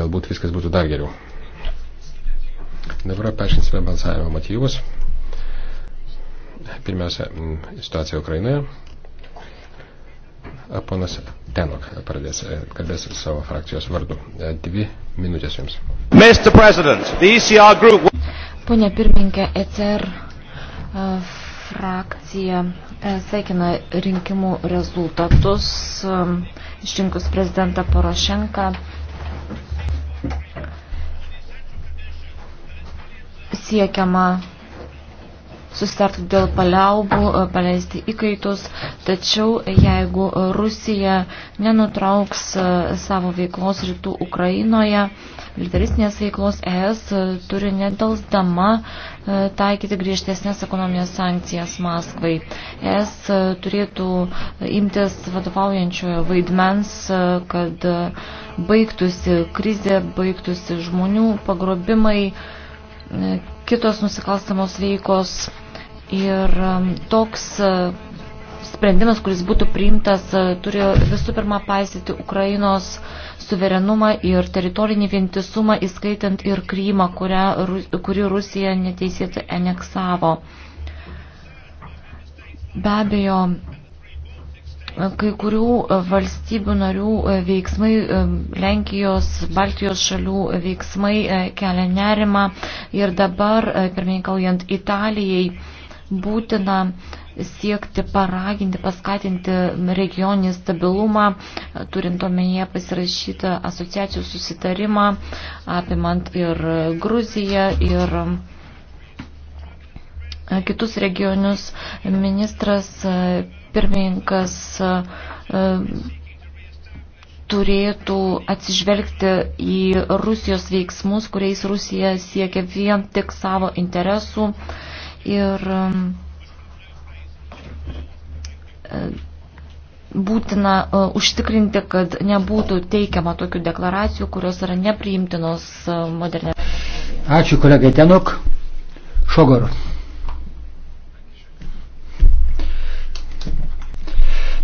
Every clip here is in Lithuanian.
Galbūt viskas būtų dar geriau. Dabar peršinsime balsavimo motyvus. Pirmiausia, situacija Ukrainoje. Ponas Tenok pradės, e, kalbės savo frakcijos vardu. E, dvi minutės jums. Mr. President, the ECR group... Pone pirmininkė, ECR e, frakcija sveikina rinkimų rezultatus išrinkus prezidentą Porošenką. siekiama susitarti dėl paliaubų, e, paleisti įkaitus, tačiau jeigu Rusija nenutrauks e, savo veiklos rytų Ukrainoje, militaristinės veiklos ES e, turi nedalsdama taikyti griežtesnės ekonominės sankcijas Maskvai. ES turėtų imtis vadovaujančiojo vaidmens, kad baigtųsi krizė, baigtųsi žmonių pagrobimai kitos nusikalstamos veikos ir um, toks uh, sprendimas, kuris būtų priimtas, uh, turi visų pirma paisyti Ukrainos suverenumą ir teritorinį vientisumą, įskaitant ir Krymą, kurią, kuri Rusija neteisėtai aneksavo. Be abejo, Kai kurių e, valstybių narių e, veiksmai, e, Lenkijos, Baltijos šalių veiksmai kelia nerimą ir dabar, pirmininkaujant Italijai, būtina siekti paraginti, paskatinti regioninį stabilumą, turint omenyje pasirašytą asociacijų susitarimą, apimant ir Gruziją, ir kitus regionius. Ministras pirmininkas e, e, turėtų atsižvelgti į Rusijos veiksmus, kuriais Rusija siekia vien tik savo interesų ir e, būtina užtikrinti, kad nebūtų teikiama tokių deklaracijų, kurios yra nepriimtinos modernė. Ačiū kolegai Tenok. Šogor.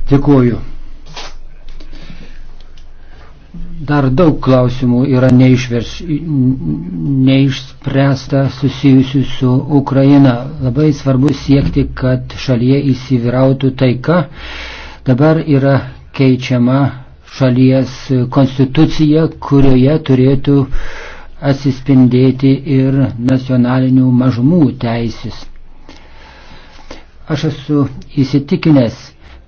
Dėkuoju. Dar daug klausimų yra neišvers, neišspręsta susijusių su Ukraina. Labai svarbu siekti, kad šalyje įsivyrautų taika. Dabar yra keičiama šalies konstitucija, kurioje turėtų atsispindėti ir nacionalinių mažumų teisės. Aš esu įsitikinęs,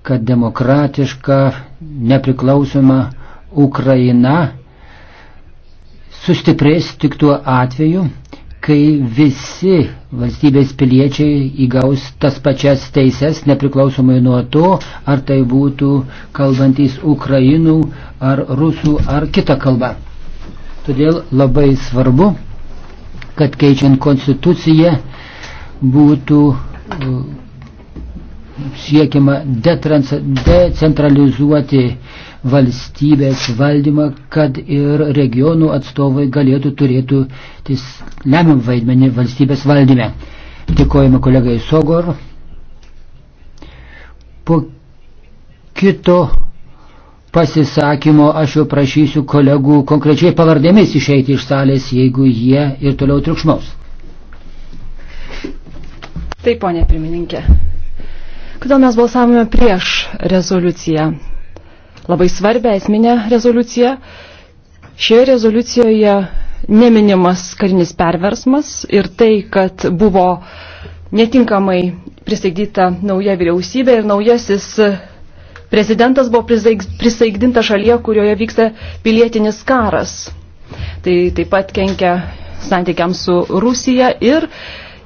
kad demokratiška, nepriklausoma Ukraina sustiprės tik tuo atveju, kai visi valstybės piliečiai įgaus tas pačias teises, nepriklausomai nuo to, ar tai būtų kalbantys ukrainų, ar rusų, ar kitą kalbą. Todėl labai svarbu, kad keičiant konstituciją būtų uh, siekiama decentralizuoti valstybės valdymą, kad ir regionų atstovai galėtų turėtų lemiam vaidmenį valstybės valdyme. Dėkojame kolegai Sogor. Po kito pasisakymo aš jau prašysiu kolegų konkrečiai pavardėmis išeiti iš salės, jeigu jie ir toliau triukšmaus. Taip, ponė pirmininkė. Kodėl mes balsavome prieš rezoliuciją? Labai svarbę esminę rezoliuciją. Šioje rezoliucijoje neminimas karinis perversmas ir tai, kad buvo netinkamai pristaigdyta nauja vyriausybė ir naujasis prezidentas buvo prisaigdinta šalyje, kurioje vyksta pilietinis karas. Tai taip pat kenkia santykiams su Rusija ir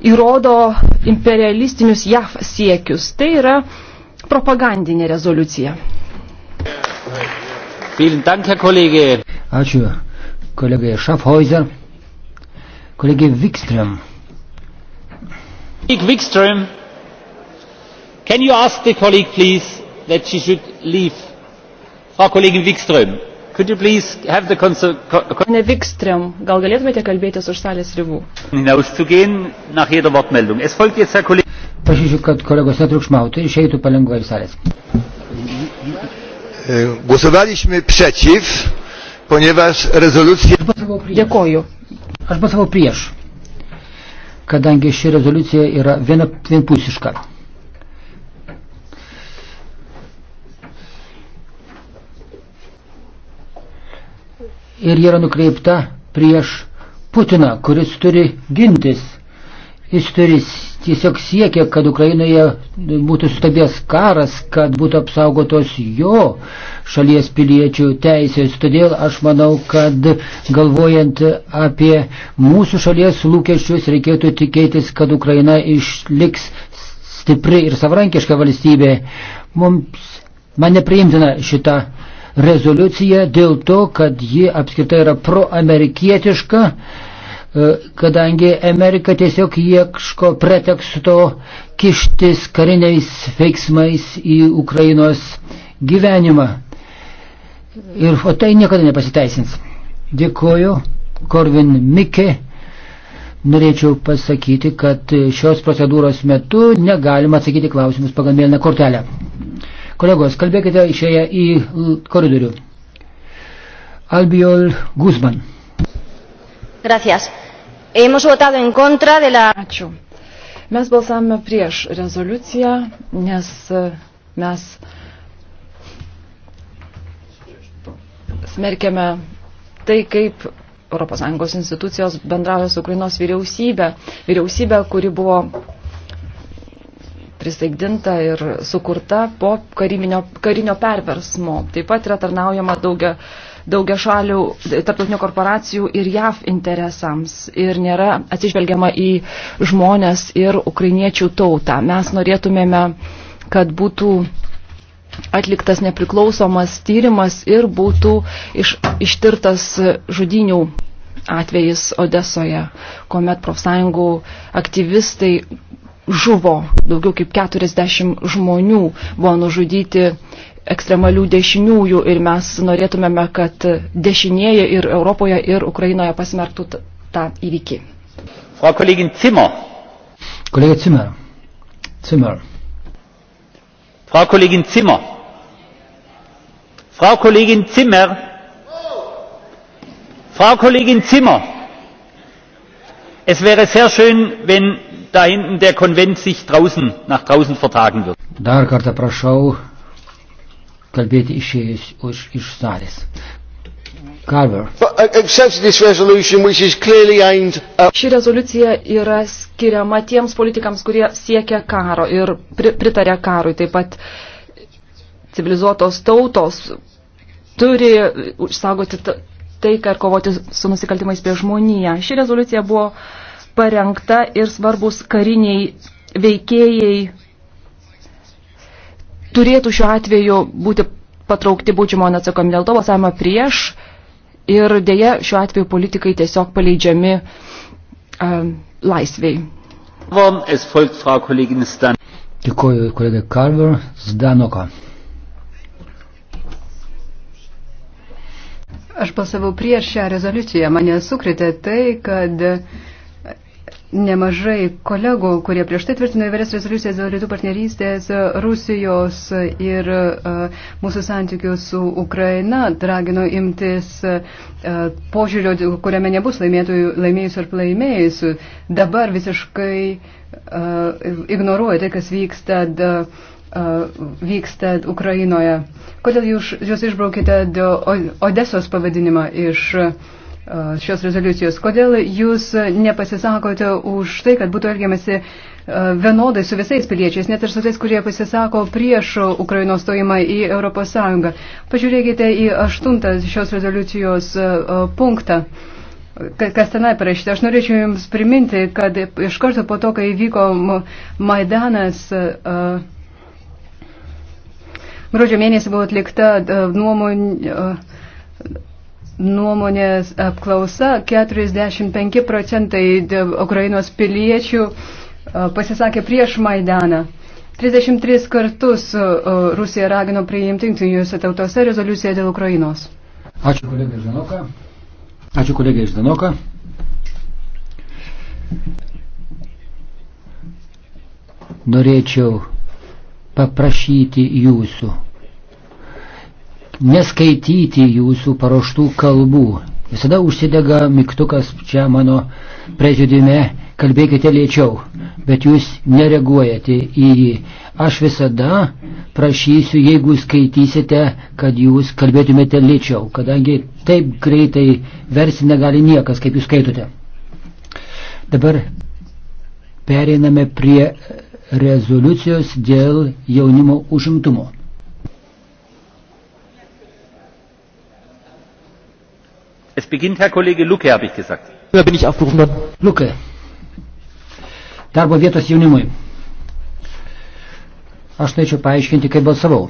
įrodo imperialistinius JAF siekius. Tai yra propagandinė rezoliucija. Ačiū kolegai Schaffhäuser. Kolegė Wikström. Wikström, can you ask the colleague please that she should leave? Frau Kollegin Wikström. Pane Vikstrem, gal galėtumėte kalbėtis už salės ribų? Pažiūrėjau, kad kolegos netrukšmautų, išeitų palengva iš salės. E, głosowaliśmy przeciw, ponieważ rezolucja... Dėkoju. Aš balsavau prieš, kadangi ši rezoliucija yra viena, vienpusiška. ir yra nukreipta prieš Putiną, kuris turi gintis. Jis turi tiesiog siekia, kad Ukrainoje būtų stabės karas, kad būtų apsaugotos jo šalies piliečių teisės. Todėl aš manau, kad galvojant apie mūsų šalies lūkesčius, reikėtų tikėtis, kad Ukraina išliks stipri ir savarankiška valstybė. Mums man nepriimtina šita rezoliuciją dėl to, kad ji apskritai yra proamerikietiška, e, kadangi Amerika tiesiog ieško preteksto kištis kariniais veiksmais į Ukrainos gyvenimą. Ir o tai niekada nepasiteisins. Dėkuoju, Korvin Mikė. Norėčiau pasakyti, kad šios procedūros metu negalima atsakyti klausimus pagal mėlyną kortelę. Kolegos, kalbėkite išėję į koridorių. Albiol Guzman. Gracias. Hemos votado en contra de la... Ačiū. Mes balsavome prieš rezoliuciją, nes e, mes smerkėme tai, kaip ES institucijos bendravo su Ukrainos vyriausybė, vyriausybė, kuri buvo prisaigdinta ir sukurta po kariminio, karinio perversmo. Taip pat yra tarnaujama daugia, daugia šalių, tarptautinių korporacijų ir JAV interesams ir nėra atsižvelgiama į žmonės ir ukrainiečių tautą. Mes norėtumėme, kad būtų atliktas nepriklausomas tyrimas ir būtų iš, ištirtas žudinių atvejis Odesoje, kuomet profsąjungų aktyvistai žuvo, daugiau kaip 40 žmonių buvo nužudyti ekstremalių dešiniųjų ir mes norėtumėme, kad dešinieji ir Europoje, ir Ukrainoje pasmerktų tą įvykį. Frau Kollegin Zimmer. Kollege Zimmer. Zimmer. Frau Kollegin Zimmer. Frau Kollegin Zimmer. Frau Kollegin Zimmer. Es wäre sehr schön, wenn da hinten der Konvent sich draußen, nach draußen vertagen wird. Dar kartą prašau kalbėti išėjus už, iš salės. Carver. Uh, Ši rezoliucija yra skiriama tiems politikams, kurie siekia karo ir pri, pritarė karui. Taip pat civilizuotos tautos turi išsaugoti taiką ir kovoti su nusikaltimais prie žmoniją. Ši rezoliucija buvo uh, parengta ir svarbus kariniai veikėjai turėtų šiuo atveju būti patraukti būdžiamo atsakomį. Dėl to balsavimą prieš ir dėja šiuo atveju politikai tiesiog paleidžiami um, laisviai. Dėkuoju kolegai Karver Zdanoka. Aš balsavau prieš šią rezoliuciją. Mane sukretė tai, kad uh, nemažai kolegų, kurie prieš tai tvirtino įvairias rezoliucijas dėl rytų partnerystės Rusijos ir e, mūsų santykių su Ukraina, ragino imtis e, požiūrio, kuriame nebus laimėjusių ar laimėjusių. Dabar visiškai e, ignoruoja tai, kas vyksta. Da, vyksta Ukrainoje. Kodėl jūs, jūs išbraukite Odesos pavadinimą iš uh, šios rezoliucijos. Kodėl jūs nepasisakote už tai, kad būtų elgiamasi vienodai su visais piliečiais, net ir su tais, kurie pasisako prieš Ukrainos stojimą į Europos Sąjungą? Pažiūrėkite į aštuntą šios rezoliucijos punktą. Kas tenai parašyta? Aš norėčiau Jums priminti, kad iš karto po to, kai vyko Maidanas, gruodžio mėnesį buvo atlikta nuomonė nuomonės apklausa 45 procentai Ukrainos piliečių pasisakė prieš Maidaną. 33 kartus Rusija ragino priimti jungtiniuose tautose rezoliuciją dėl Ukrainos. Ačiū kolegai Žanoka. Ačiū kolegai Žanoka. Norėčiau paprašyti jūsų neskaityti jūsų paruoštų kalbų. Visada užsidega mygtukas čia mano prezidiume, kalbėkite lėčiau, bet jūs nereaguojate į jį. Aš visada prašysiu, jeigu skaitysite, kad jūs kalbėtumėte lėčiau, kadangi taip greitai versi negali niekas, kaip jūs skaitote. Dabar pereiname prie rezoliucijos dėl jaunimo užimtumo. beginnt Herr Kollege Lucke, habe ich gesagt. Ja, bin ich aufgerufen worden. Lucke. Darbo vietos jaunimui. Aš norėčiau paaiškinti, kaip balsavau.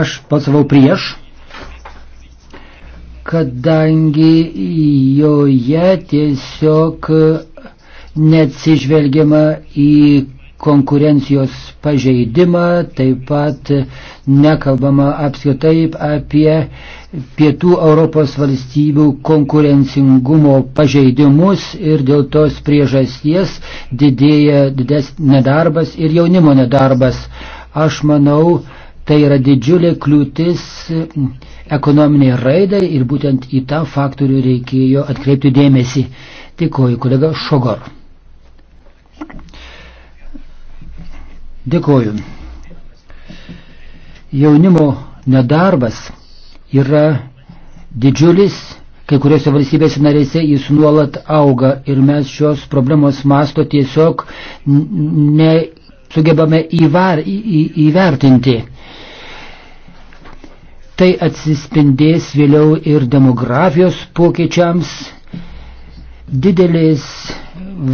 Aš balsavau prieš, kadangi joje tiesiog neatsižvelgiama į konkurencijos pažeidimą, taip pat nekalbama apskritai apie pietų Europos valstybių konkurencingumo pažeidimus ir dėl tos priežasties didėja dides nedarbas ir jaunimo nedarbas. Aš manau, tai yra didžiulė kliūtis ekonominiai raidai ir būtent į tą faktorių reikėjo atkreipti dėmesį. Dėkuoju, kolega Šogor. Dėkoju. Jaunimo nedarbas yra didžiulis, kai kuriuose valstybėse narėse jis nuolat auga ir mes šios problemos masto tiesiog nesugebame įvar, į, į, įvertinti. Tai atsispindės vėliau ir demografijos pokyčiams didelės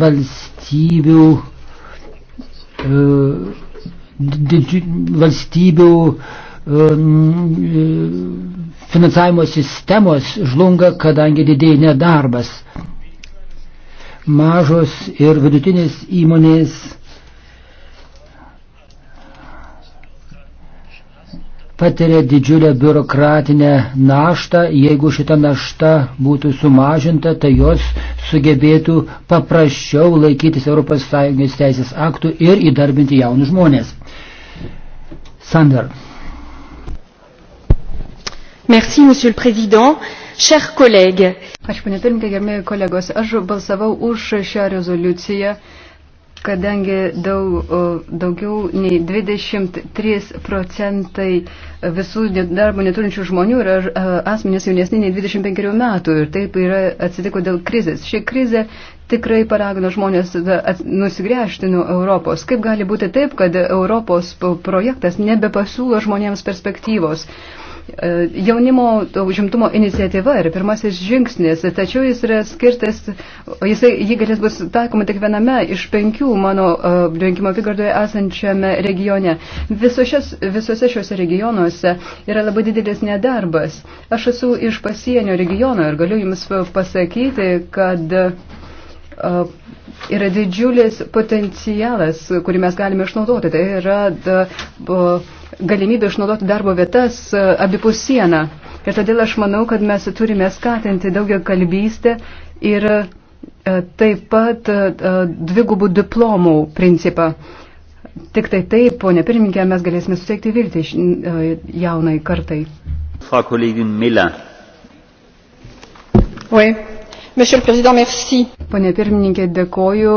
valstybių E, valstybių e, e, finansavimo sistemos žlunga, kadangi didėja nedarbas. Mažos ir vidutinės įmonės patiria didžiulę biurokratinę naštą, jeigu šita našta būtų sumažinta, tai jos sugebėtų paprasčiau laikytis ES teisės aktų ir įdarbinti jaunus žmonės. Sander. Merci, Monsieur le Président. Chers collègues. Aš, panė pirmininkė, gerbėjai kolegos, aš balsavau už šią rezoliuciją kadangi daug, daugiau nei 23 procentai visų darbo neturinčių žmonių yra asmenys jaunesni nei 25 metų ir taip yra atsitiko dėl krizės. Ši krizė tikrai paragino žmonės nusigręžti nuo Europos. Kaip gali būti taip, kad Europos projektas nebepasiūlo žmonėms perspektyvos? E, jaunimo užimtumo iniciatyva yra pirmasis žingsnis, tačiau jis yra skirtas, jisai, jį galės bus taikoma tik viename iš penkių mano e, rinkimo apygardoje esančiame regione. Visos, visose šiuose regionuose yra labai didelis nedarbas. Aš esu iš pasienio regiono ir galiu Jums pasakyti, kad e, yra didžiulis potencialas, kurį mes galime išnaudoti. Tai yra da, bo, galimybę išnaudoti darbo vietas e, abipus sieną. Ir todėl aš manau, kad mes turime skatinti daugia kalbystę ir e, taip pat e, dvigubų diplomų principą. Tik tai taip, ponė pirmininkė, mes galėsime suteikti viltį jaunai kartai. Frau Kollegin Miller. Oui. Monsieur le Président, merci. Pone pirmininkė, dėkoju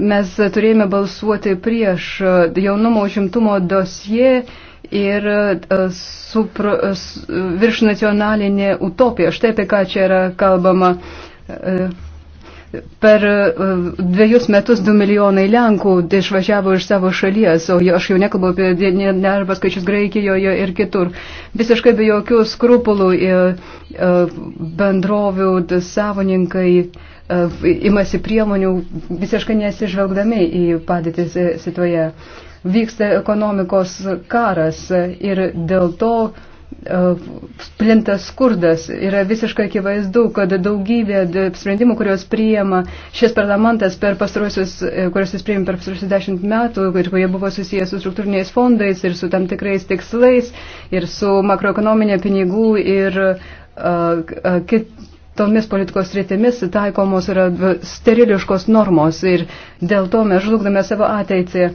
mes turėjome balsuoti prieš e, jaunumo užimtumo dosie ir e, supra, e, virš nacionalinė utopija. Štai apie ką čia yra kalbama. Per e, dviejus metus du milijonai Lenkų išvažiavo iš savo šalies, o aš jau nekalbu apie nervą skaičius Graikijoje ir kitur. Visiškai be jokių skrupulų e, e, bendrovių savoninkai imasi priemonių, visiškai nesižvelgdami į padėtį situaciją. Vyksta ekonomikos karas ir dėl to Uh, plinta skurdas. Yra visiškai akivaizdu, kad daugybė sprendimų, kuriuos priima šis parlamentas per pastaruosius, e, kuriuos jis priima per pastaruosius dešimt metų, ir kurie buvo susijęs su struktūriniais fondais ir su tam tikrais tikslais, ir su makroekonominė pinigų ir uh, kitomis politikos rytimis taikomos yra steriliškos normos ir dėl to mes žlugdame savo ateitį.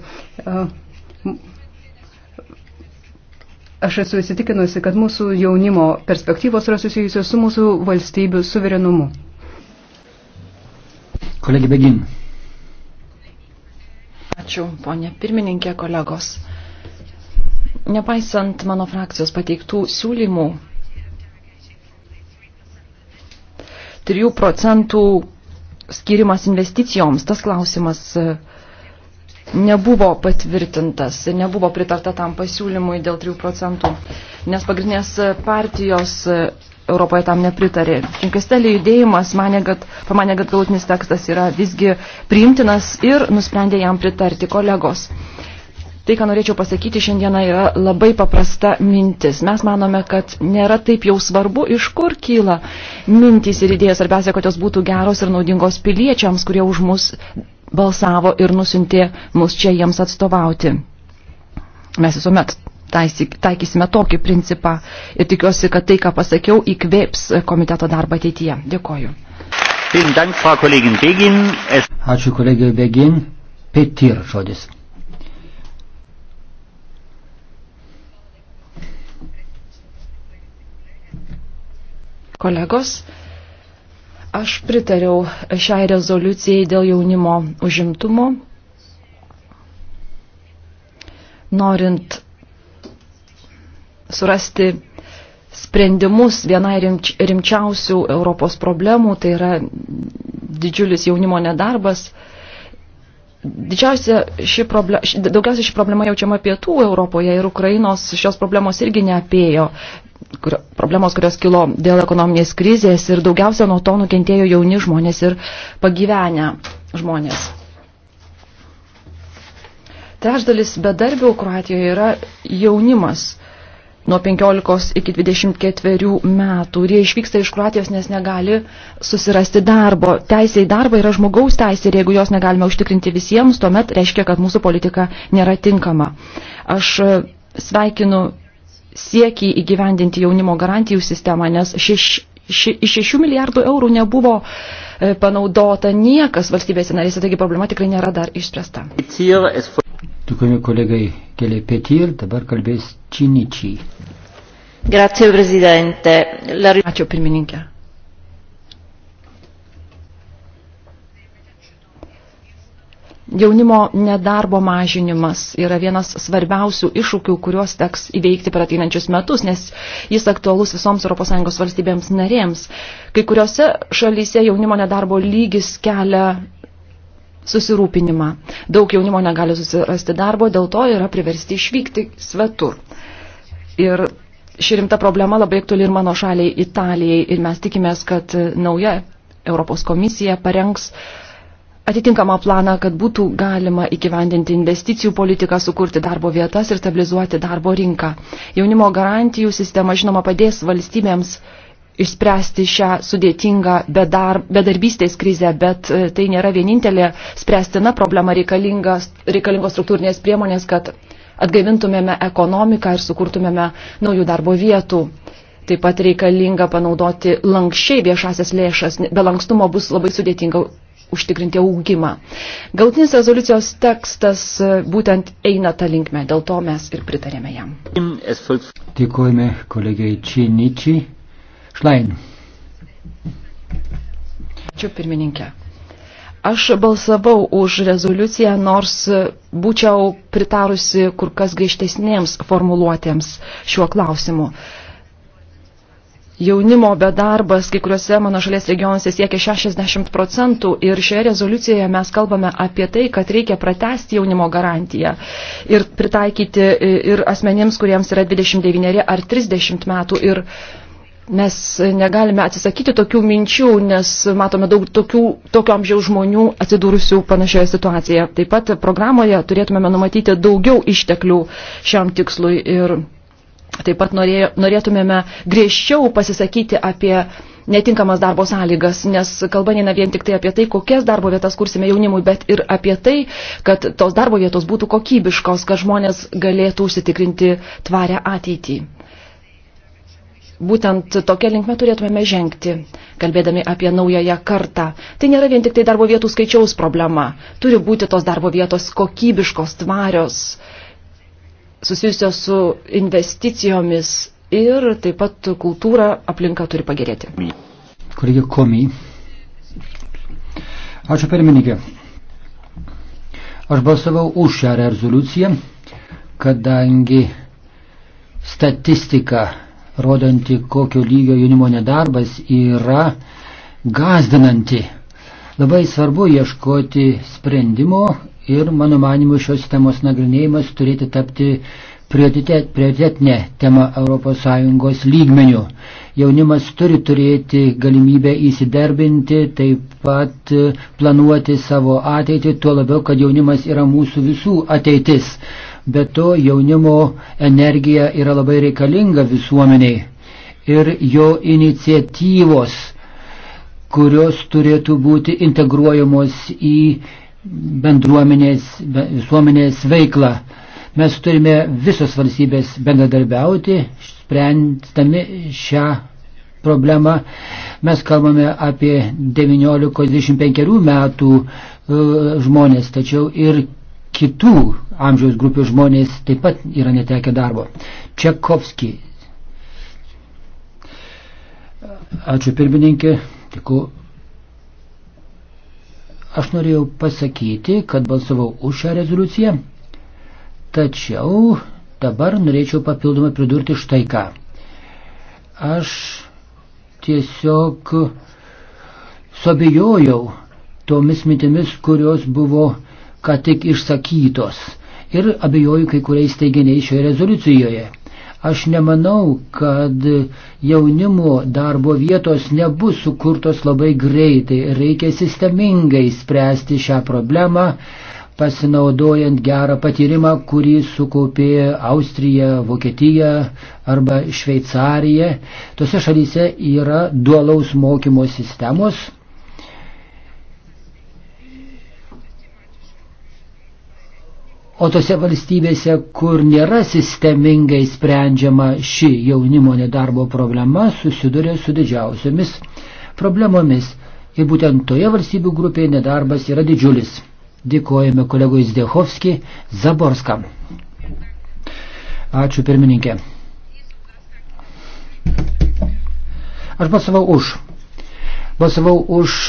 Uh, Aš esu įsitikinusi, kad mūsų jaunimo perspektyvos yra susijusios su mūsų valstybių suverenumu. Kolegė Begin. Ačiū, ponė pirmininkė, kolegos. Nepaisant mano frakcijos pateiktų siūlymų, 3 procentų skirimas investicijoms, tas klausimas nebuvo patvirtintas ir nebuvo pritarta tam pasiūlymui dėl 3 procentų, nes pagrindinės partijos Europoje tam nepritarė. Finkestelė judėjimas manė, kad, pamanė, kad galutinis tekstas yra visgi priimtinas ir nusprendė jam pritarti kolegos. Tai, ką norėčiau pasakyti šiandieną, yra labai paprasta mintis. Mes manome, kad nėra taip jau svarbu, iš kur kyla mintys ir idėjas. Svarbiausia, kad jos būtų geros ir naudingos piliečiams, kurie už mus balsavo ir nusintė mus čia jiems atstovauti. Mes visuomet taikysime tokį principą ir tikiuosi, kad tai, ką pasakiau, įkvėps komiteto darbą ateityje. Dėkoju. Ačiū kolegijai Begin. Petir žodis. Kolegos, Aš pritariau šiai rezoliucijai dėl jaunimo užimtumo. Norint surasti sprendimus vienai rimčiausių Europos problemų, tai yra didžiulis jaunimo nedarbas. Didžiausia ši problema, daugiausia ši problema jaučiama pietų Europoje ir Ukrainos šios problemos irgi neapėjo kurio, problemos, kurios kilo dėl ekonominės krizės ir daugiausia nuo to nukentėjo jauni žmonės ir pagyvenę žmonės. Trečdalis bedarbių Kroatijoje yra jaunimas nuo 15 iki 24 metų ir jie išvyksta iš Kroatijos, nes negali susirasti darbo. Teisė į darbą yra žmogaus teisė ir jeigu jos negalime užtikrinti visiems, tuomet reiškia, kad mūsų politika nėra tinkama. Aš sveikinu siekį įgyvendinti jaunimo garantijų sistemą, nes šeš, še, iš 6 milijardų eurų nebuvo e, panaudota niekas valstybėse narėse, taigi problema tikrai nėra dar išspręsta. Dėkui kolegai Kelė Petir, dabar kalbės Činičiai. Grazie, Presidente. La... Ačiū, pirmininkė. Jaunimo nedarbo mažinimas yra vienas svarbiausių iššūkių, kuriuos teks įveikti per ateinančius metus, nes jis aktualus visoms ES valstybėms narėms. Kai kuriuose šalyse jaunimo nedarbo lygis kelia susirūpinimą. Daug jaunimo negali susirasti darbo, dėl to yra priversti išvykti svetur. Ir ši rimta problema labai aktuali ir mano šaliai Italijai ir mes tikimės, kad nauja Europos komisija parengs atitinkamą planą, kad būtų galima įgyvendinti investicijų politiką, sukurti darbo vietas ir stabilizuoti darbo rinką. Jaunimo garantijų sistema, žinoma, padės valstybėms išspręsti šią sudėtingą bedar, bedarbystės krizę, bet e, tai nėra vienintelė spręstina problema reikalingos struktūrinės priemonės, kad atgaivintumėme ekonomiką ir sukurtumėme naujų darbo vietų. Taip pat reikalinga panaudoti lankščiai viešasias lėšas, be lankstumo bus labai sudėtinga užtikrinti augimą. Galtinis rezoliucijos tekstas e, būtent eina tą linkmę, dėl to mes ir pritarėme jam. Dėkojame kolegai Činičiai. Šlain. Ačiū pirmininkė. Aš balsavau už rezoliuciją, nors būčiau pritarusi kur kas griežtesnėms formuluotėms šiuo klausimu. Jaunimo bedarbas kai kuriuose mano šalies regionuose siekia 60 procentų ir šioje rezoliucijoje mes kalbame apie tai, kad reikia pratesti jaunimo garantiją ir pritaikyti e, ir asmenims, kuriems yra 29 ar 30 metų. Ir mes negalime atsisakyti tokių minčių, nes matome daug tokių, tokio amžiaus žmonių atsidūrusių panašioje situacijoje. Taip pat programoje turėtumėme numatyti daugiau išteklių šiam tikslui ir Taip pat norėjo, norėtumėme griežčiau pasisakyti apie netinkamas darbo sąlygas, nes kalba neina vien tik tai apie tai, kokias darbo vietas kursime jaunimui, bet ir apie tai, kad tos darbo vietos būtų kokybiškos, kad žmonės galėtų užsitikrinti tvarę ateitį. Būtent tokia linkme turėtumėme žengti, kalbėdami apie naująją kartą. Tai nėra vien tik tai darbo vietų skaičiaus problema. Turi būti tos darbo vietos kokybiškos, tvarios susijusios su investicijomis ir taip pat kultūra aplinka turi pagerėti. Kolegė Komi. Ačiū pirmininkė. Aš balsavau už šią rezoliuciją, kadangi statistika, rodanti kokio lygio jaunimo nedarbas, yra gazdinanti. Labai svarbu ieškoti sprendimo ir, mano manimu, šios temos nagrinėjimas turėtų tapti prioritet, prioritetinė tema ES lygmenių. Jaunimas turi turėti galimybę įsidarbinti, taip pat e, planuoti savo ateitį, tuo labiau, kad jaunimas yra mūsų visų ateitis. Be to jaunimo energija yra labai reikalinga visuomeniai ir jo iniciatyvos kurios turėtų būti integruojamos į bendruomenės, visuomenės veiklą. Mes turime visos valstybės bendradarbiauti, sprendami šią problemą. Mes kalbame apie 19-25 metų e, žmonės, tačiau ir kitų amžiaus grupių žmonės taip pat yra netekę darbo. Čekovski. Ačiū pirmininkė, tikiu Aš norėjau pasakyti, kad balsavau už šią rezoliuciją, tačiau dabar norėčiau papildomai pridurti štai ką. Aš tiesiog sobijojau tomis mintimis, kurios buvo ką tik išsakytos ir abejoju kai kuriais teiginiais šioje rezoliucijoje. Aš nemanau, kad jaunimo darbo vietos nebus sukurtos labai greitai. Reikia sistemingai spręsti šią problemą, pasinaudojant gerą patyrimą, kurį sukaupė Austrija, Vokietija arba Šveicarija. Tose šalyse yra dualaus mokymo sistemos O tose valstybėse, kur nėra sistemingai sprendžiama ši jaunimo nedarbo problema, susiduria su didžiausiamis problemomis. Ir būtent toje valstybių grupėje nedarbas yra didžiulis. Dėkojame kolegui Zdechovski Zaborskam. Ačiū pirmininkė. Aš balsavau už. Balsavau už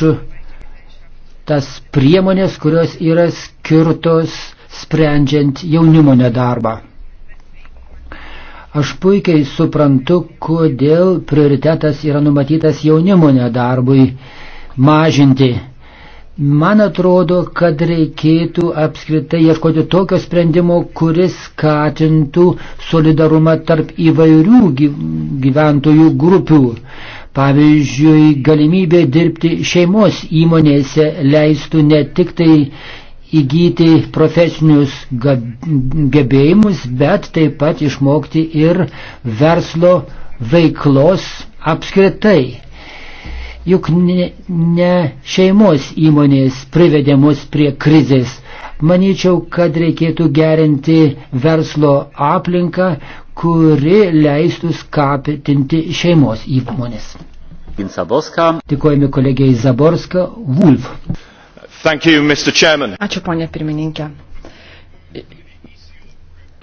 tas priemonės, kurios yra skirtos sprendžiant jaunimo nedarbą. Aš puikiai suprantu, kodėl prioritetas yra numatytas jaunimo nedarbui mažinti. Man atrodo, kad reikėtų apskritai ieškoti tokio sprendimo, kuris skatintų solidarumą tarp įvairių gyventojų grupių. Pavyzdžiui, galimybė dirbti šeimos įmonėse leistų ne tik tai įgyti profesinius gebėjimus, bet taip pat išmokti ir verslo veiklos apskritai. Juk ne, ne šeimos įmonės privedė mus prie krizės. Manyčiau, kad reikėtų gerinti verslo aplinką, kuri leistų skapitinti šeimos įmonės. Dėkojame kolegijai Zaborska, Vulf. You, Ačiū, ponė pirmininkė.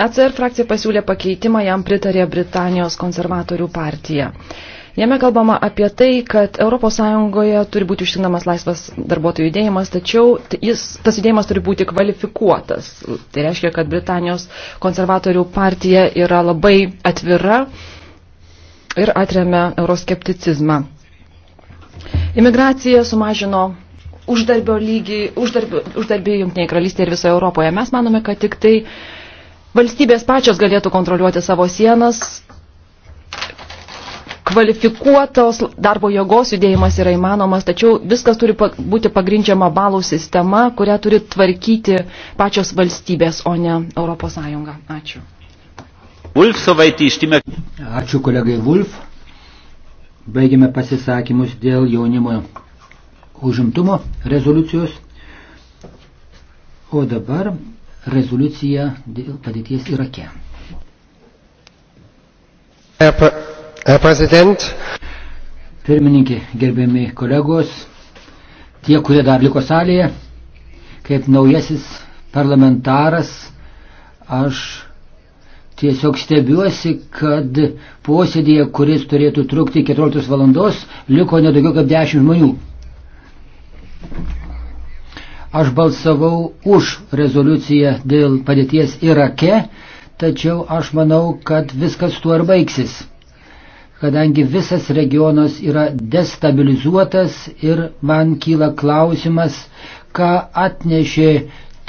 ECR frakcija pasiūlė pakeitimą, jam pritarė Britanijos konservatorių partija. Jame kalbama apie tai, kad ES turi būti užtiknamas laisvas darbuotojų judėjimas, tačiau jis, tas judėjimas turi būti kvalifikuotas. Tai reiškia, kad Britanijos konservatorių partija yra labai atvira ir atremia euroskepticizmą. Imigracija sumažino uždarbio lygį, uždarbį, uždarbį Junktinėje karalystėje ir visoje Europoje. Mes manome, kad tik tai valstybės pačios galėtų kontroliuoti savo sienas. Kvalifikuotos darbo jėgos judėjimas yra įmanomas, tačiau viskas turi būti pagrindžiama balų sistema, kurią turi tvarkyti pačios valstybės, o ne Europos Sąjunga. Ačiū. Wolf, soweit die Stimme. Ačiū kolegai Wolf. Baigėme pasisakymus dėl jaunimo užimtumo rezoliucijos. O dabar rezoliucija dėl padėties Irake. Prezident. Pirmininkė, gerbiami kolegos, tie, kurie dar liko salėje, kaip naujasis parlamentaras, aš tiesiog stebiuosi, kad posėdėje, kuris turėtų trukti 14 valandos, liko nedaugiau kaip 10 žmonių. Aš balsavau už rezoliuciją dėl padėties Irake, tačiau aš manau, kad viskas tuo ir baigsis, kadangi visas regionas yra destabilizuotas ir man kyla klausimas, ką atnešė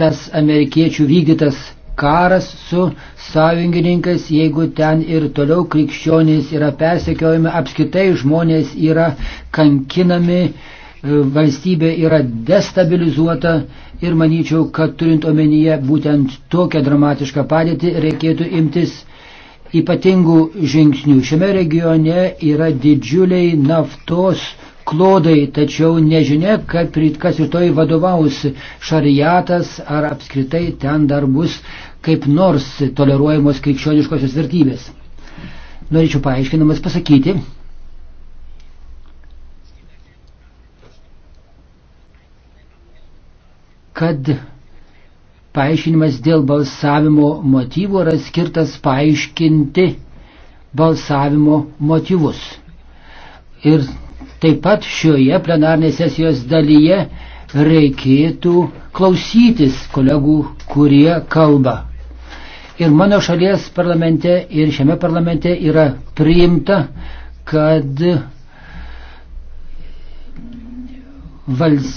tas amerikiečių vykdytas karas su sąjungininkais, jeigu ten ir toliau krikščionys yra persekiojami, apskritai žmonės yra kankinami, valstybė yra destabilizuota ir manyčiau, kad turint omenyje būtent tokią dramatišką padėtį reikėtų imtis ypatingų žingsnių. Šiame regione yra didžiuliai naftos klodai, tačiau nežinia, kas rytoj vadovaus šariatas ar apskritai ten dar bus kaip nors toleruojamos krikščioniškosios vertybės. Norėčiau paaiškinamas pasakyti, kad paaiškinimas dėl balsavimo motyvų yra skirtas paaiškinti balsavimo motyvus. Ir taip pat šioje plenarnės sesijos dalyje reikėtų klausytis kolegų, kurie kalba. Ir mano šalies parlamente ir šiame parlamente yra priimta, kad vals,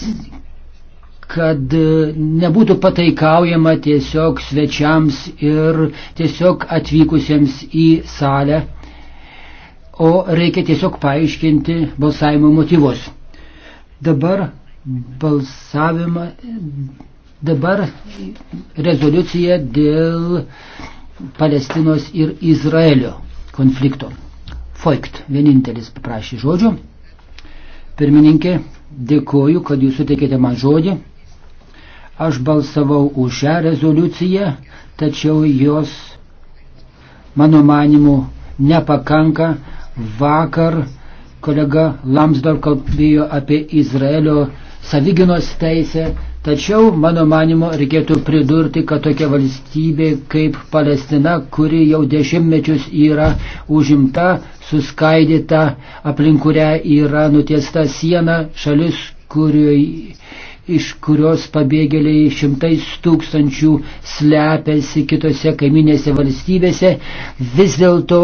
kad e, nebūtų pataikaujama tiesiog svečiams ir tiesiog atvykusiems į salę, o reikia tiesiog paaiškinti balsavimo motyvus. Dabar balsavimą, dabar rezoliucija dėl Palestinos ir Izraelio konflikto. Foikt vienintelis paprašė žodžio. Pirmininkė, dėkoju, kad jūs suteikėte man žodį. Aš balsavau už šią rezoliuciją, tačiau jos, mano manimu, nepakanka. Vakar kolega Lamsdor kalbėjo apie Izraelio saviginos teisę, tačiau, mano manimo, reikėtų pridurti, kad tokia valstybė kaip Palestina, kuri jau dešimtmečius yra užimta, suskaidyta, aplink kurią yra nutiesta siena, šalis, kurioje iš kurios pabėgėliai šimtais tūkstančių slepiasi kitose kaiminėse valstybėse, vis dėlto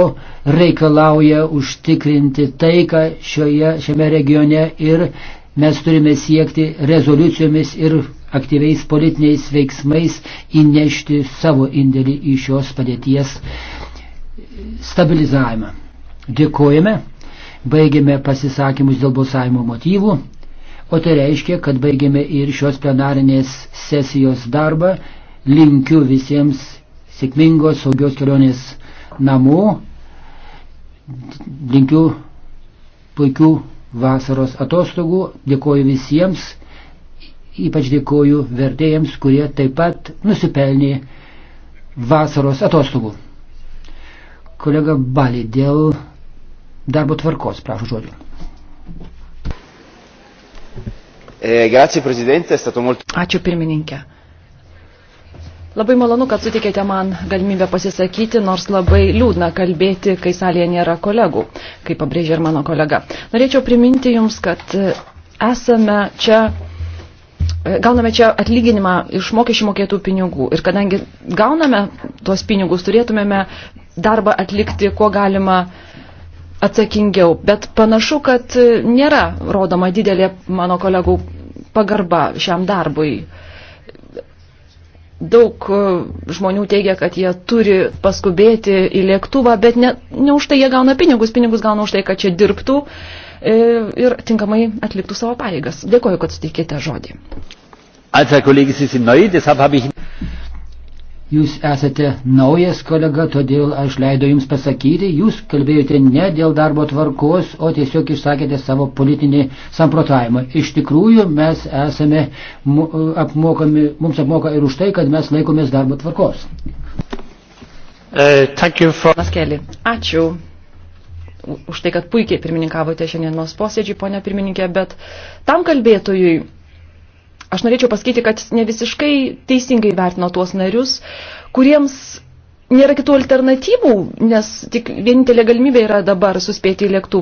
reikalauja užtikrinti taiką šioje, šiame regione ir mes turime siekti rezoliucijomis ir aktyviais politiniais veiksmais įnešti savo indėlį į šios padėties stabilizavimą. Dėkojame, baigėme pasisakymus dėl balsavimo motyvų. O tai reiškia, kad baigėme ir šios plenarinės sesijos darbą. Linkiu visiems sėkmingos, saugios kelionės namo. Linkiu puikių vasaros atostogų. Dėkoju visiems. Ypač dėkoju vertėjams, kurie taip pat nusipelnė vasaros atostogų. Kolega Bali, dėl darbo tvarkos, prašau žodžiu. E, Ačiū pirmininkė. Labai malonu, kad sutikėte man galimybę pasisakyti, nors labai liūdna kalbėti, kai salėje nėra kolegų, kaip pabrėžė ir mano kolega. Norėčiau priminti Jums, kad e, esame čia, e, gauname čia atlyginimą iš mokesčių mokėtų pinigų ir kadangi gauname tuos pinigus, turėtumėme darbą atlikti, kuo galima uh, atsakingiau, bet panašu, kad nėra rodoma didelė mano kolegų pagarba šiam darbui. Daug žmonių teigia, kad jie turi paskubėti į lėktuvą, bet ne, ne už tai jie gauna pinigus, pinigus gauna už tai, kad čia dirbtų e, ir tinkamai atliktų savo pareigas. Dėkoju, kad suteikėte žodį. Alter Kollege, Sie sind neu, deshalb habe ich Jūs esate naujas kolega, todėl aš leido jums pasakyti, jūs kalbėjote ne dėl darbo tvarkos, o tiesiog išsakėte savo politinį samprotavimą. Iš tikrųjų, mes esame apmokami, mums apmoka ir už tai, kad mes laikomės darbo tvarkos. Uh, for... Maskeli, ačiū už tai, kad puikiai pirmininkavote šiandienos posėdžiui, ponia pirmininkė, bet tam kalbėtojui Aš norėčiau pasakyti, kad ne visiškai teisingai vertino tuos narius, kuriems nėra kitų alternatyvų, nes tik vienintelė galimybė yra dabar suspėti į lėktuvą.